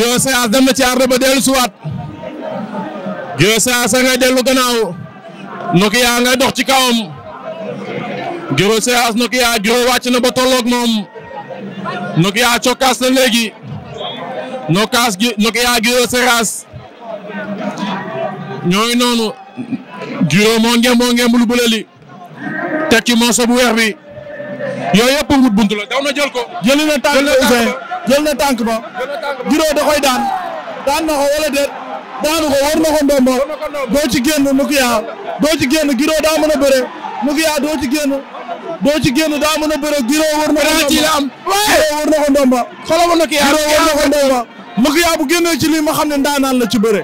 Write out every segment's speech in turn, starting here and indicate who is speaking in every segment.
Speaker 1: Guiro Séras dem na ci arde ba dellu suwaat Guiro Séras a ngay dellu gannaaw Nokia ngay dox ci kawam Guiro Séras Nokia Guiro wàcc na ba tolloog moom Nokia cokkaas na léegi nokaas gi Nokia Guiro Séras ñooy noonu Guiro moo ngem moo ngem lu bëleli tekki moo weex bi yooyu yëpp wut buntu la daw na jël ko jëli na tànk jël na tànk ba Giro da koy daan daan na ko wala déet daanu ko war na ko ndombo doo ci génn Nokia doo ci génn Giro daa mën a bëre Nokia doo ci génn doo a bëre Giro war na ko ndomba war na ko ndomba xoolal Nokia Giro war na ko ndomba Nokia bu génnee ci lii ma xam ne ndaanaan la ci bëre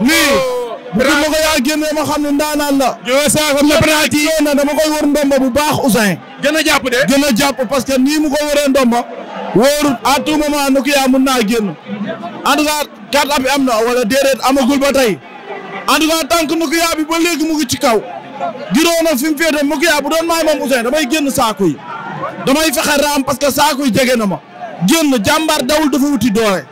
Speaker 1: lii oh, bu ma ko yaa ma xam ne ndaanaan la ñoo sa xam na penalty na dama koy war ndomba bu baax Ousseyn gën a jàpp de gën nii mu ko ndomba wóorut à ma moment Nokia mun naa génn en tout cas quatre am na wala déedéet amagul ba tey en tout cas tant bi ba léegi mu gi ci kaw giroo na fi mu féete Nokia bu doon maay moom Ousseyn damay génn saako yi damay fexe raam parce que saako yi jege na ma génn jàmbaar dawul dafa wuti doole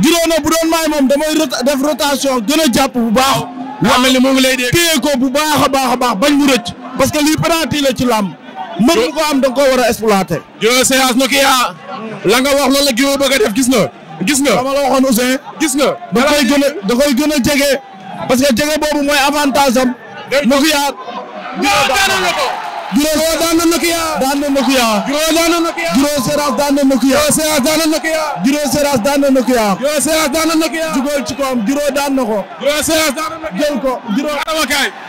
Speaker 1: giroo na bu doon maay moom damay def rotation gën a jàpp bu baax. waaw mel ni mu ngi lay dégg téye ko bu baax a baax a baax bañ mu rëcc parce que lii penalty la ci làmb. mën nga ko am da nga koo war a exploiter. jël séance Nokia. la nga wax loolu la Giro bëgg a def gis nga. gis nga dama la waxoon Ousseyn. gis nga da koy gën a da koy gën a jege. parce que jege boobu mooy avantage am. Nokia. Giro daan na ko. Giro daan na Nokia. daan na Nokia. Giro daan na Nokia. Giro séance daan na Nokia. Giro séance daan na Nokia. Giro séance daan na Nokia. Giro séance daan na Nokia. jugal ci koom Giro daan na ko. Giro séance daan na Nokia. jël ko Giro.